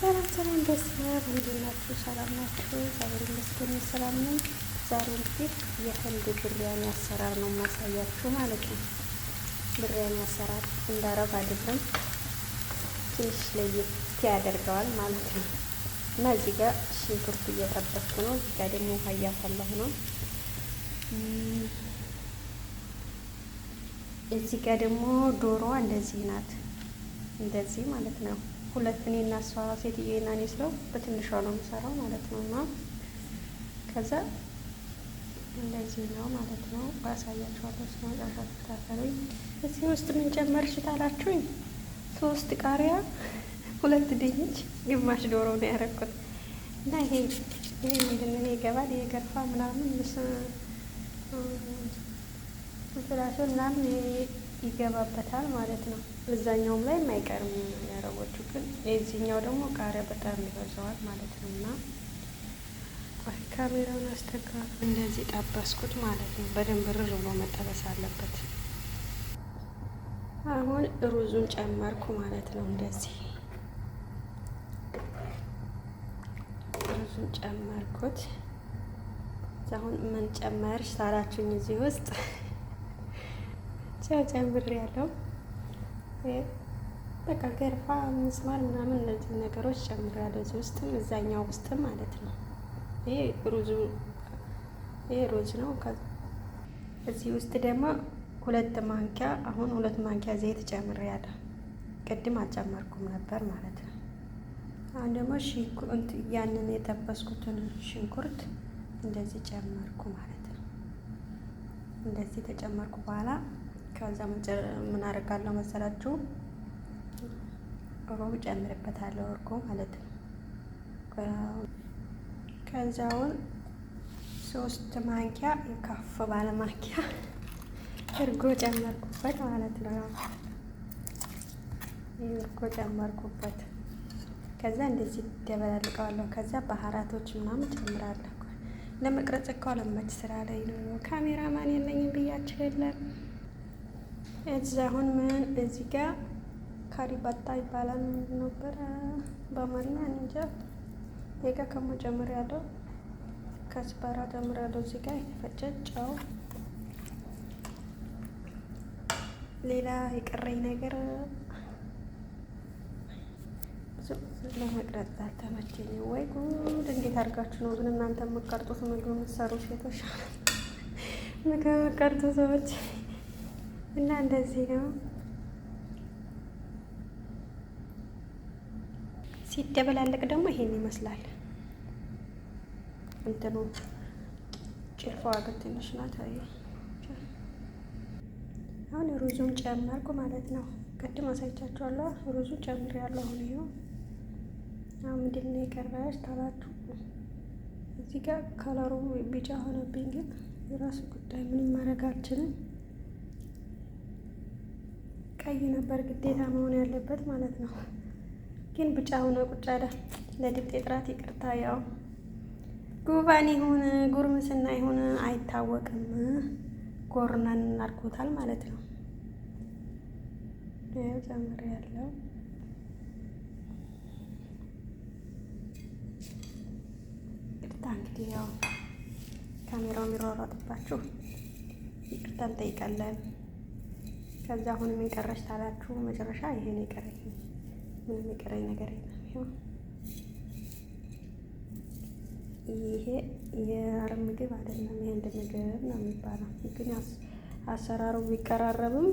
ሰላም ሰላም ቤተሰብ እንዴት ናችሁ? ሰላም ናችሁ? እግዚአብሔር ይመስገን ሰላም ነኝ። ዛሬ እንግዲህ የህንድ ብሪያኒ አሰራር ነው ማሳያችሁ ማለት ነው። ብሪያኒ አሰራር እንዳረብ አይደለም፣ ትንሽ ለየት ያደርገዋል ማለት ነው እና እዚህ ጋር ሽንኩርት እየጠበስኩ ነው። እዚህ ጋር ደግሞ ውሃ እያፈላሁ ነው። እዚህ ጋር ደግሞ ዶሮዋ እንደዚህ ናት፣ እንደዚህ ማለት ነው ሁለት እኔ እና እሷ ሴትዬ እና እኔ ስለው በትንሿ ነው የምሰራው ማለት ነው። እና ከዛ እንደዚህ ነው ማለት ነው። አሳያችኋለሁ። ስ መጨረሻ ተከታተሉኝ። እዚህ ውስጥ ምን ጨመርሽ ታላችሁኝ? ሶስት ቃሪያ፣ ሁለት ድንች፣ ግማሽ ዶሮ ነው ያደረኩት እና ይሄ ይሄ ምንድን ነው? ይገባል። ይሄ ገርፋ ምናምን ምስ ፍላሹን ምናምን ይገባበታል ማለት ነው። እዛኛውም ላይ የማይቀርም ያረቦቹ ግን የዚህኛው ደግሞ ቃሪያ በጣም ይበዛዋል ማለት ነው። እና ቆይ ካሜራውን አስተካክ እንደዚህ ጠበስኩት ማለት ነው። በደንብ ርር ብሎ መጠበስ አለበት። አሁን ሩዙን ጨመርኩ ማለት ነው። እንደዚህ ሩዙን ጨመርኩት። አሁን ምን ጨመርሽ ታላችሁኝ እዚህ ውስጥ ጨው ጨምር ያለው በቃ ገርፋ፣ ምስማር ምናምን እነዚህ ነገሮች ጨምር ያለው እዚህ ውስጥም እዛኛው ውስጥም ማለት ነው። ይሄ ሩዙ ይሄ ሩዝ ነው። እዚህ ውስጥ ደግሞ ሁለት ማንኪያ አሁን ሁለት ማንኪያ ዘይት ጨምር ያለው ቅድም አልጨመርኩም ነበር ማለት ነው። አሁን ደግሞ ያንን የጠበስኩትን ሽንኩርት እንደዚህ ጨመርኩ ማለት ነው። እንደዚህ ተጨመርኩ በኋላ ከዛ ምን አደርጋለሁ መሰላችሁ ሮም ጨምርበታለሁ እርጎ ማለት ነው። ከዛውን ሶስት ማንኪያ ከፍ ባለ ማንኪያ እርጎ ጨመርኩበት ማለት ነው። እርጎ ጨመርኩበት። ከዛ እንደዚህ ደበላልቀዋለሁ። ከዛ ባህራቶች ምናምን ጨምራለሁ። ለመቅረጽ እኮ ለመች ስራ ላይ ነው። ካሜራማን የለኝም ብያቸው የለም እዚ አሁን ምን እዚህ ጋር ካሪባታ ይባላል ነበረ በአማርኛ እንጃ። ዜጋ ከመጨመር ያለው ከስበራ ጨምር ያለው እዚህ ጋር የተፈጨ ጨው፣ ሌላ የቀረኝ ነገር ለመቅረጽ አልተመቸኝ። ወይ ጉድ! እንዴት አድርጋችሁ ነው ግን እናንተ የምትቀርጡት ምግብ የምትሰሩ ሴቶች? ምግብ የምትቀርጡ ሰዎች እና እንደዚህ ነው ሲደበላለቅ ደግሞ ይሄን ይመስላል። እንትኑ ጭልፋዋ ግን ትንሽ ናት። አሁን ሩዙን ጨመርኩ ማለት ነው። ቅድም አሳይቻችኋለሁ። ሩዙን ጨምሬያለሁ። አሁን ይኸው አሁን ምንድን ነው የቀረሽ ታላችሁ። እዚህ ጋር ከለሩ ቢጫ ሆነብኝ፣ ግን የራሱ ጉዳይ ምንም ማድረግ አልችልም። ቀይ ነበር ግዴታ መሆን ያለበት ማለት ነው። ግን ቢጫ ሆነ ቁጭ አለ። ጥራት ይቅርታ። ያው ጉባን ይሁን ጉርምስና ይሁን አይታወቅም፣ ጎርናን እናድርጎታል ማለት ነው። ይኸው ጨምር ያለው ይቅርታ። እንግዲህ ያው ካሜራው የሚሯሯጥባችሁ ይቅርታ እንጠይቃለን። ከዛ አሁን ምን ቀረሽ ታላችሁ፣ መጨረሻ ይሄ ይሄን የቀረኝ ምንም የቀረኝ ነገር የለም። ይሄ የአረብ ምግብ አይደለም፣ ይሄ እንደ ምግብ ነው የሚባለው። ግን አሰራሩ ቢቀራረብም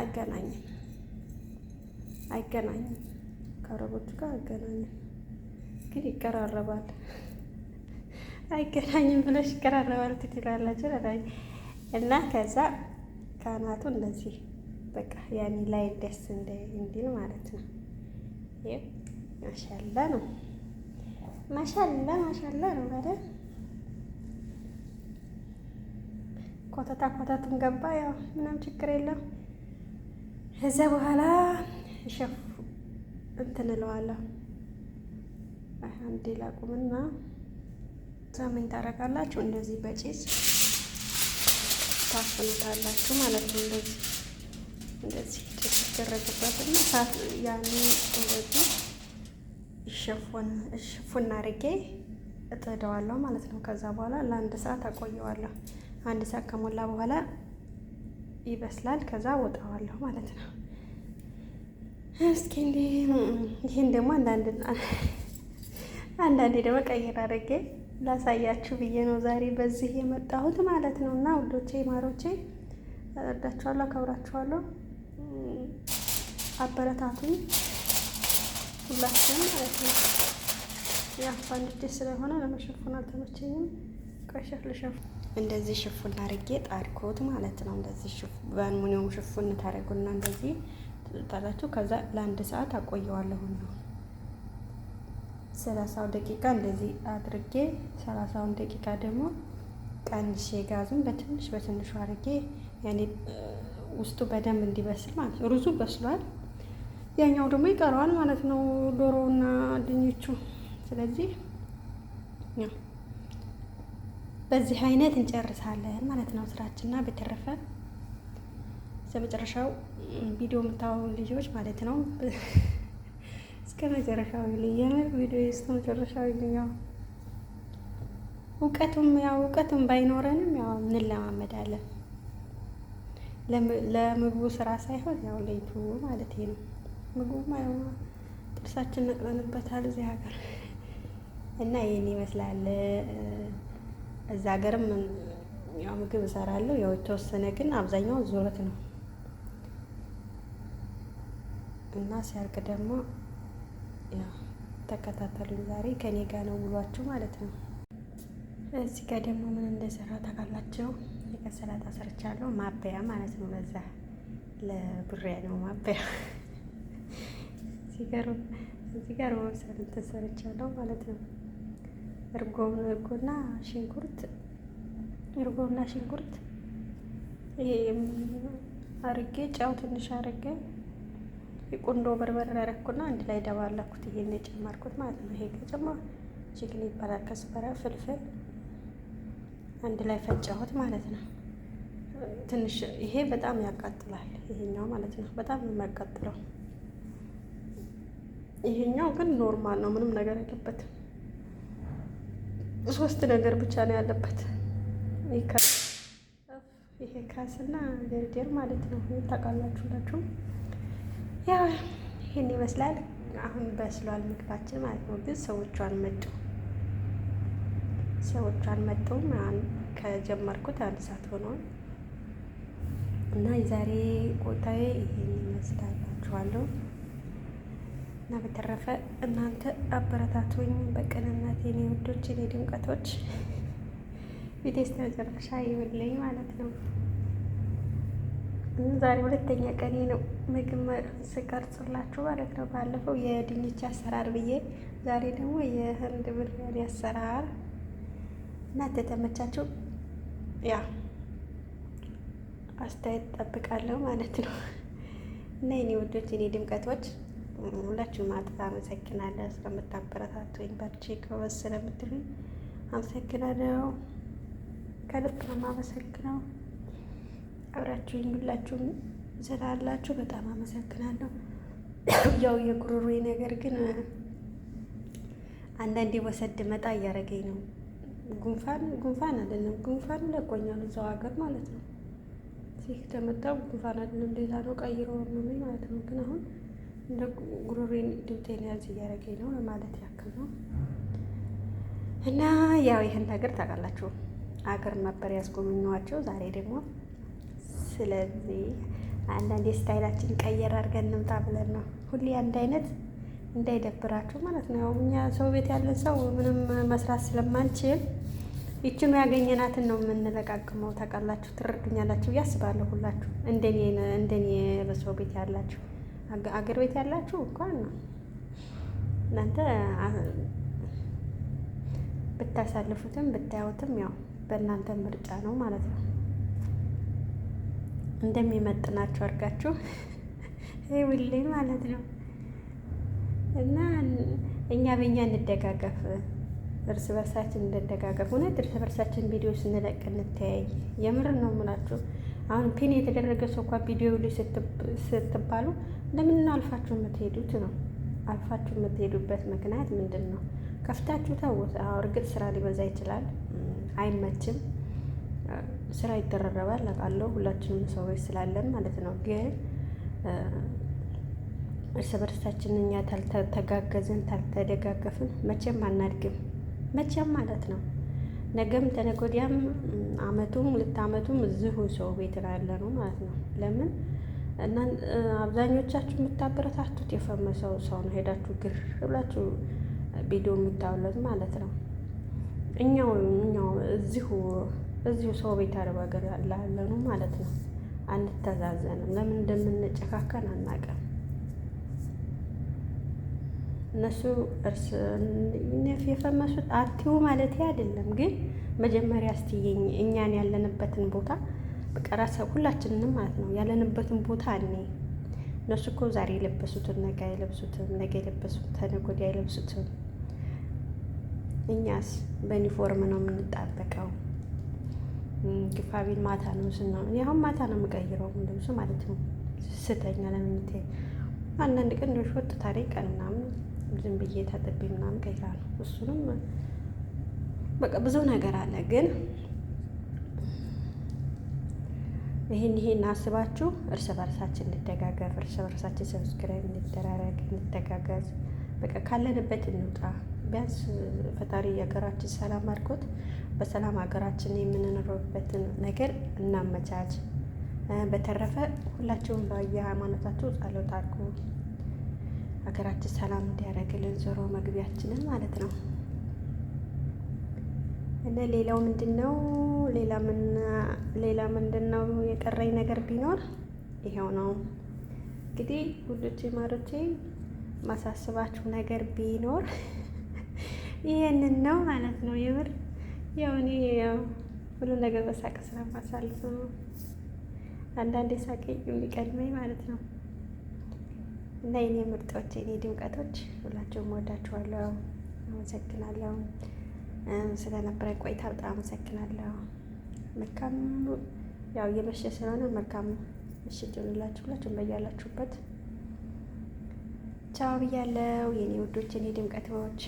አይገናኝም፣ አይገናኝም ከአረቦቹ ጋር አይገናኝም። ግን ይቀራረባል። አይገናኝም ብለሽ ይቀራረባል ትችላላችሁ። እና ከዛ ካናቱ እንደዚህ በቃ ያኔ ላይ ደስ እንዲል ማለት ነው። ይኸው ማሻላ ነው፣ ማሻላ ማሻላ ነው አይደል? ኮተታ ኮተቱም ገባ፣ ያው ምንም ችግር የለም። ከዚ በኋላ ሸፍ እንትን እለዋለሁ አንዴ ላቁምና ዛምን ታረጋላችሁ እንደዚህ በጭስ ታፍኑታላችሁ ማለት ነው። እንደዚህ እንደዚህ የተደረገበትና ሳት ያኔ እንደዚህ እሽፉን እሽፉን አድርጌ እጥደዋለሁ ማለት ነው። ከዛ በኋላ ለአንድ ሰዓት አቆየዋለሁ። አንድ ሰዓት ከሞላ በኋላ ይበስላል። ከዛ ወጣዋለሁ ማለት ነው። እስኪ እንዲህ ይህን ደግሞ አንዳንድ አንዳንዴ ደግሞ ቀይር አድርጌ ላሳያችሁ ብዬ ነው ዛሬ በዚህ የመጣሁት ማለት ነው። እና ውዶቼ ማሮቼ እወዳችኋለሁ፣ አከብራችኋለሁ። አበረታቱኝ ሁላችሁም ማለት ነው። የአፋን ልጅ ስለሆነ ለመሸፈን አልተመቸኝም። ቀሸፍ ልሸፍ እንደዚህ ሽፉን አድርጌ ጣድኩት ማለት ነው። እንደዚህ በአልሙኒየም ሽፉን ታደርጉና እንደዚህ ታላችሁ። ከዛ ለአንድ ሰዓት አቆየዋለሁ ነው ሰላሳው ደቂቃ እንደዚህ አድርጌ ሰላሳውን ደቂቃ ደግሞ ቀንሼ ጋዙን በትንሽ በትንሹ አድርጌ ያኔ ውስጡ በደንብ እንዲበስል ማለት ነው። ሩዙ በስሏል፣ ያኛው ደግሞ ይቀረዋል ማለት ነው፣ ዶሮውና ድኞቹ። ስለዚህ ያው በዚህ አይነት እንጨርሳለን ማለት ነው ስራችንና በተረፈ ስለመጨረሻው መጨረሻው ቪዲዮ የምታወሩ ልጆች ማለት ነው እስከ መጨረሻው ይልኝ የምር ቪዲዮ እስከ መጨረሻው ይልኝ። ያው እውቀቱም ያው እውቀቱም ባይኖረንም ያው እንለማመዳለን ለምግቡ ስራ ሳይሆን ያው ለይቱ ማለት ነው። ምግቡም ያው ጥርሳችን ነቅለንበታል እዚህ ሀገር እና ይህን ይመስላል። እዛ ሀገርም ያው ምግብ እሰራለሁ ያው የተወሰነ ግን አብዛኛው ዙረት ነው እና ሲያልቅ ደግሞ ተከታተሉኝ። ዛሬ ከኔ ጋር ነው ውሏችሁ ማለት ነው። እዚህ ጋር ደግሞ ምን እንደሰራ ታውቃላችሁ? ሰላጣ ሰርቻለሁ። ማበያ ማለት ነው። ለዛ ለብሪያ ነው ማበያ። እዚህ ጋር መብሰል እንትን ሰርቻለሁ ማለት ነው። እርጎና ሽንኩርት እርጎና ሽንኩርት አርጌ ጨው ትንሽ አርጌ የቁንዶ በርበሬ ያደረኩና አንድ ላይ ደባለኩት። ይሄን የጨመርኩት ማለት ነው። ይሄ ከጨማ ችግን ይባላል። ከስበራ ፍልፍል አንድ ላይ ፈጫሁት ማለት ነው። ትንሽ ይሄ በጣም ያቃጥላል። ይሄኛው ማለት ነው በጣም የሚያቃጥለው። ይሄኛው ግን ኖርማል ነው፣ ምንም ነገር የለበትም። ሶስት ነገር ብቻ ነው ያለበት ይሄ ካስና ደርደር ማለት ነው። ታውቃላችሁ ሁላችሁም ያው ይህን ይመስላል። አሁን በስሏል ምግባችን ማለት ነው። ግን ሰዎቹ አልመጡ ሰዎቹ አልመጡም። ከጀመርኩት አንድ ሰዓት ሆኗል እና የዛሬ ቆይታዬ ይህን ይመስላላችኋለሁ እና በተረፈ እናንተ አበረታቱኝ በቅንነት የኔ ውዶች፣ የኔ ድምቀቶች ቤቴ መጨረሻ ይውልኝ ማለት ነው። ዛሬ ሁለተኛ ቀኔ ነው። ምግብ ስቀርጽላችሁ ማለት ነው። ባለፈው የድንች አሰራር ብዬ ዛሬ ደግሞ የህንድ ብርያኒ አሰራር እናንተ ተመቻችሁ ያ አስተያየት ጠብቃለሁ ማለት ነው። እና የኔ ውዶች፣ የኔ ድምቀቶች ሁላችሁ ማጥፋ አመሰግናለሁ ስለምታበረታቱኝ በርቺ ጎበዝ ስለምትሉኝ አመሰግናለሁ። ከልብ ነው የማመሰግነው አብራችሁኝ ሁላችሁም ስላላችሁ በጣም አመሰግናለሁ። ያው የጉሮሮ ነገር ግን አንዳንዴ ወሰድ መጣ እያደረገኝ ነው። ጉንፋን ጉንፋን አይደለም ጉንፋን ለቆኛል፣ እዛው ሀገር ማለት ነው። ይህ ከመጣው ጉንፋን አይደለም ሌላ ነው፣ ቀይሮ ነው ማለት ነው። ግን አሁን እንደ ጉሮሮዬን ድምጤን ያዝ እያደረገኝ ነው ለማለት ያክል ነው። እና ያው ይህን ነገር ታውቃላችሁ፣ አገር ነበር ያስጎበኘኋቸው ዛሬ ደግሞ ስለዚህ አንዳንድ የስታይላችን ቀየር አድርገን እንምጣ ብለን ነው። ሁሌ አንድ አይነት እንዳይደብራችሁ ማለት ነው። እኛ ሰው ቤት ያለን ሰው ምንም መስራት ስለማንችል ይችኑ ያገኘናትን ነው የምንለቃቅመው። ታውቃላችሁ፣ ትረዱኛላችሁ ብዬ አስባለሁ። ሁላችሁ እንደኔ እንደኔ በሰው ቤት ያላችሁ አገር ቤት ያላችሁ እንኳን ነው እናንተ ብታሳልፉትም ብታዩትም ያው በእናንተ ምርጫ ነው ማለት ነው። እንደሚመጥናቸው አድርጋችሁ ይውልኝ ማለት ነው። እና እኛ በእኛ እንደጋገፍ፣ እርስ በርሳችን እንደደጋገፍ። እውነት እርስ በርሳችን ቪዲዮ ስንለቅ እንተያይ። የምር ነው የምላችሁ። አሁን ፒን የተደረገ ሰው እንኳ ቪዲዮ ላይ ስትባሉ ለምን አልፋችሁ የምትሄዱት ነው? አልፋችሁ የምትሄዱበት ምክንያት ምንድን ነው? ከፍታችሁ ታወሰ። እርግጥ ስራ ሊበዛ ይችላል፣ አይመችም ስራ ይደራረባል አውቃለሁ። ሁላችንም ቤት ስላለን ማለት ነው። ግን እርስ በርሳችን እኛ ታልተጋገዝን ታልተደጋገፍን መቼም አናድግም። መቼም ማለት ነው። ነገም ተነገ ወዲያም አመቱም ሁለት አመቱም እዚሁ ሰው ቤት ነው ያለ ነው ማለት ነው። ለምን እና አብዛኞቻችሁ የምታበረታቱት የፈመሰው ሰው ነው። ሄዳችሁ ግር ብላችሁ ቪዲዮ የምታውለት ማለት ነው። እኛው እኛው እዚሁ እዚሁ ሰው ቤት አረብ ሀገር ላለኑ ማለት ነው አንተዛዘንም። ለምን እንደምንጨካከን አናውቅም። እነሱ እርስ የፈመሱት አትዩ ማለት አይደለም፣ ግን መጀመሪያ እስቲ እኛን ያለንበትን ቦታ በቀራሰ ሁላችንንም ማለት ነው ያለንበትን ቦታ እኔ እነሱ እኮ ዛሬ የለበሱትን ነገ አይለብሱትም፣ ነገ የለበሱት ተነገ ወዲያ አይለብሱትም። እኛስ በዩኒፎርም ነው የምንጣበቀው። ግፋቢል ማታ ነው ስና አሁን ማታ ነው የምቀይረው ልብሱ ማለት ነው። ስተኛ ለምኝቴ አንዳንድ ቀን ዶሽ ወጥ ታሪክ ቀን ምናምን ዝም ብዬ ታጥቤ ምናምን ቀይራለሁ። እሱንም በቃ ብዙ ነገር አለ ግን ይሄን ይህን አስባችሁ እርስ በርሳችን እንደጋገፍ፣ እርስ በርሳችን ሰብስክራይብ እንደራረግ፣ እንደተጋገዝ በቃ ካለንበት እንውጣ። ቢያንስ ፈጣሪ የሀገራችን ሰላም አድርጎት በሰላም ሀገራችን የምንኖርበትን ነገር እናመቻች። በተረፈ ሁላችሁም በየሃይማኖታችሁ ጸሎት አድርጉ። ሀገራችን ሰላም እንዲያደርግልን ዞሮ መግቢያችንን ማለት ነው። እና ሌላው ምንድን ነው? ሌላ ምንድን ነው የቀረኝ ነገር ቢኖር ይሄው ነው። እንግዲህ ውዶቼ ማሮቼ ማሳስባችሁ ነገር ቢኖር ይሄንን ነው ማለት ነው። የምር ያው እኔ ሁሉ ነገር በሳቅ ስለማሳልፍ ነው አንዳንዴ ሳቄ የሚቀድመኝ ማለት ነው። እና የኔ ምርጦች፣ የኔ ድምቀቶች ሁላችሁም ወዳችኋለሁ። አመሰግናለሁ ስለነበረ ቆይታ በጣም አመሰግናለሁ። መልካም ያው እየመሸ ስለሆነ መልካም ምሽት ይሆንላችሁ። ሁላችሁም በያላችሁበት ቻው ብያለሁ። የኔ ውዶች፣ የኔ ድምቀቶች